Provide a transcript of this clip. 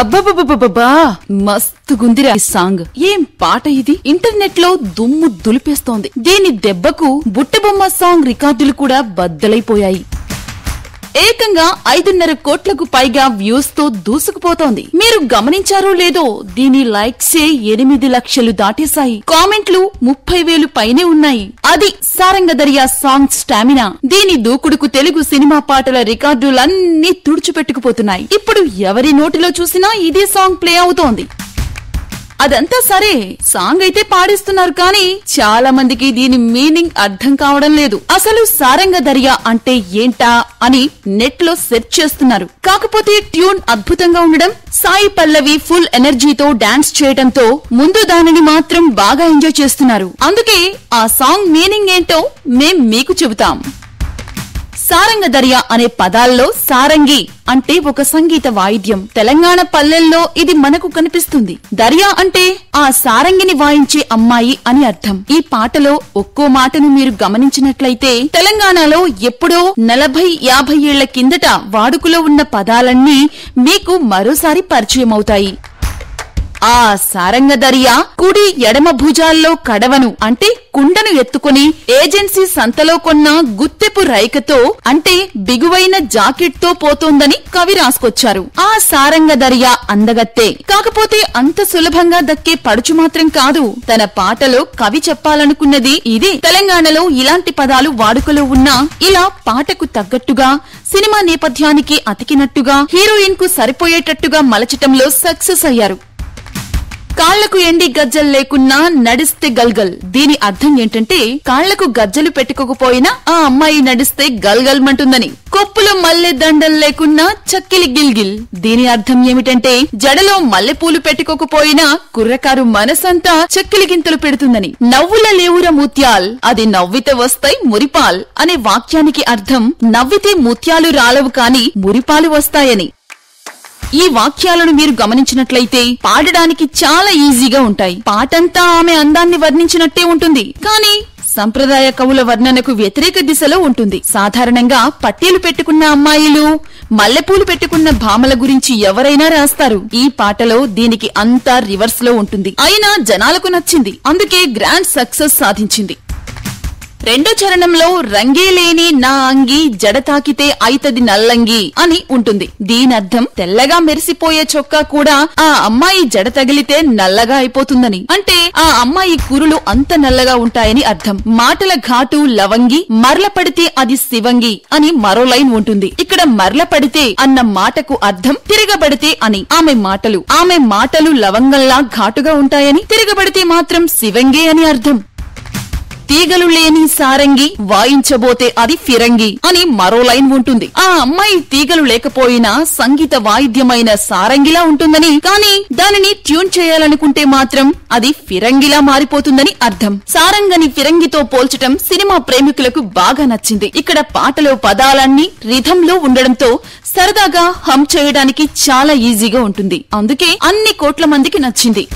అబ్బబ్బబ్బబ్బా మస్తు గుందిరా ఈ సాంగ్ ఏం పాట ఇది ఇంటర్నెట్ లో దుమ్ము దులిపేస్తోంది దీని దెబ్బకు బుట్టబొమ్మ సాంగ్ రికార్డులు కూడా బద్దలైపోయాయి ఏకంగా ఐదున్నర కోట్లకు పైగా వ్యూస్ తో దూసుకుపోతోంది మీరు గమనించారో లేదో దీని ఏ ఎనిమిది లక్షలు దాటేశాయి కామెంట్లు ముప్పై వేలు పైనే ఉన్నాయి అది సారంగదరియా సాంగ్ స్టామినా దీని దూకుడుకు తెలుగు సినిమా పాటల రికార్డులన్నీ తుడిచిపెట్టుకుపోతున్నాయి ఇప్పుడు ఎవరి నోటిలో చూసినా ఇదే సాంగ్ ప్లే అవుతోంది అదంతా సరే సాంగ్ అయితే పాడిస్తున్నారు కానీ చాలా మందికి దీని మీనింగ్ అర్థం కావడం లేదు అసలు సారంగ దర్యా అంటే ఏంటా అని నెట్ లో సెర్చ్ చేస్తున్నారు కాకపోతే ట్యూన్ అద్భుతంగా ఉండడం సాయి పల్లవి ఫుల్ ఎనర్జీతో డాన్స్ చేయడంతో ముందు దానిని మాత్రం బాగా ఎంజాయ్ చేస్తున్నారు అందుకే ఆ సాంగ్ మీనింగ్ ఏంటో మేం మీకు చెబుతాం సారంగ దర్యా అనే పదాల్లో సారంగి అంటే ఒక సంగీత వాయిద్యం తెలంగాణ పల్లెల్లో ఇది మనకు కనిపిస్తుంది దర్యా అంటే ఆ సారంగిని వాయించే అమ్మాయి అని అర్థం ఈ పాటలో ఒక్కో మాటను మీరు గమనించినట్లయితే తెలంగాణలో ఎప్పుడో నలభై యాభై ఏళ్ల కిందట వాడుకలో ఉన్న పదాలన్నీ మీకు మరోసారి పరిచయం అవుతాయి ఆ సారంగదరియా కుడి ఎడమ భుజాల్లో కడవను అంటే కుండను ఎత్తుకుని ఏజెన్సీ సంతలో కొన్న గుత్తెపు రైకతో అంటే బిగువైన జాకెట్తో పోతోందని కవి రాసుకొచ్చారు ఆ సారంగదరియా అందగత్తే కాకపోతే అంత సులభంగా దక్కే పడుచు మాత్రం కాదు తన పాటలో కవి చెప్పాలనుకున్నది ఇదే తెలంగాణలో ఇలాంటి పదాలు వాడుకలో ఉన్నా ఇలా పాటకు తగ్గట్టుగా సినిమా నేపథ్యానికి అతికినట్టుగా హీరోయిన్ కు సరిపోయేటట్టుగా మలచటంలో సక్సెస్ అయ్యారు కాళ్లకు ఎండి గజ్జలు లేకున్నా నడిస్తే గల్గల్ దీని అర్థం ఏంటంటే కాళ్లకు గజ్జలు పెట్టుకోకపోయినా ఆ అమ్మాయి నడిస్తే గల్గల్మంటుందని కొప్పులు మల్లె దండలు లేకున్నా చక్కిలి గిల్గిల్ దీని అర్థం ఏమిటంటే జడలో మల్లెపూలు పెట్టుకోకపోయినా కుర్రకారు మనసంతా చక్కిలి గింతలు పెడుతుందని నవ్వుల లేవుర ముత్యాల్ అది నవ్వితే వస్తాయి మురిపాల్ అనే వాక్యానికి అర్థం నవ్వితే ముత్యాలు రాలవు కాని మురిపాలు వస్తాయని ఈ వాక్యాలను మీరు గమనించినట్లయితే పాడడానికి చాలా ఈజీగా ఉంటాయి పాటంతా ఆమె అందాన్ని వర్ణించినట్టే ఉంటుంది కానీ సంప్రదాయ కవుల వర్ణనకు వ్యతిరేక దిశలో ఉంటుంది సాధారణంగా పట్టీలు పెట్టుకున్న అమ్మాయిలు మల్లెపూలు పెట్టుకున్న భామల గురించి ఎవరైనా రాస్తారు ఈ పాటలో దీనికి అంతా రివర్స్ లో ఉంటుంది అయినా జనాలకు నచ్చింది అందుకే గ్రాండ్ సక్సెస్ సాధించింది రెండో చరణంలో రంగేలేని నా అంగి జడ తాకితే అయితది నల్లంగి అని ఉంటుంది దీనర్థం తెల్లగా మెరిసిపోయే చొక్కా కూడా ఆ అమ్మాయి జడ తగిలితే నల్లగా అయిపోతుందని అంటే ఆ అమ్మాయి కురులు అంత నల్లగా ఉంటాయని అర్థం మాటల ఘాటు లవంగి మరల పడితే అది శివంగి అని మరో లైన్ ఉంటుంది ఇక్కడ మరల పడితే అన్న మాటకు అర్థం తిరగబడితే అని ఆమె మాటలు ఆమె మాటలు లవంగంలా ఘాటుగా ఉంటాయని తిరగబడితే మాత్రం శివంగే అని అర్థం తీగలు లేని సారంగి వాయించబోతే అది ఫిరంగి అని మరో లైన్ ఉంటుంది ఆ అమ్మాయి తీగలు లేకపోయినా సంగీత వాయిద్యమైన సారంగిలా ఉంటుందని కానీ దానిని ట్యూన్ చేయాలనుకుంటే మాత్రం అది ఫిరంగిలా మారిపోతుందని అర్థం సారంగని ఫిరంగితో పోల్చటం సినిమా ప్రేమికులకు బాగా నచ్చింది ఇక్కడ పాటలో పదాలన్నీ రిథంలో ఉండడంతో సరదాగా హమ్ చేయడానికి చాలా ఈజీగా ఉంటుంది అందుకే అన్ని కోట్ల మందికి నచ్చింది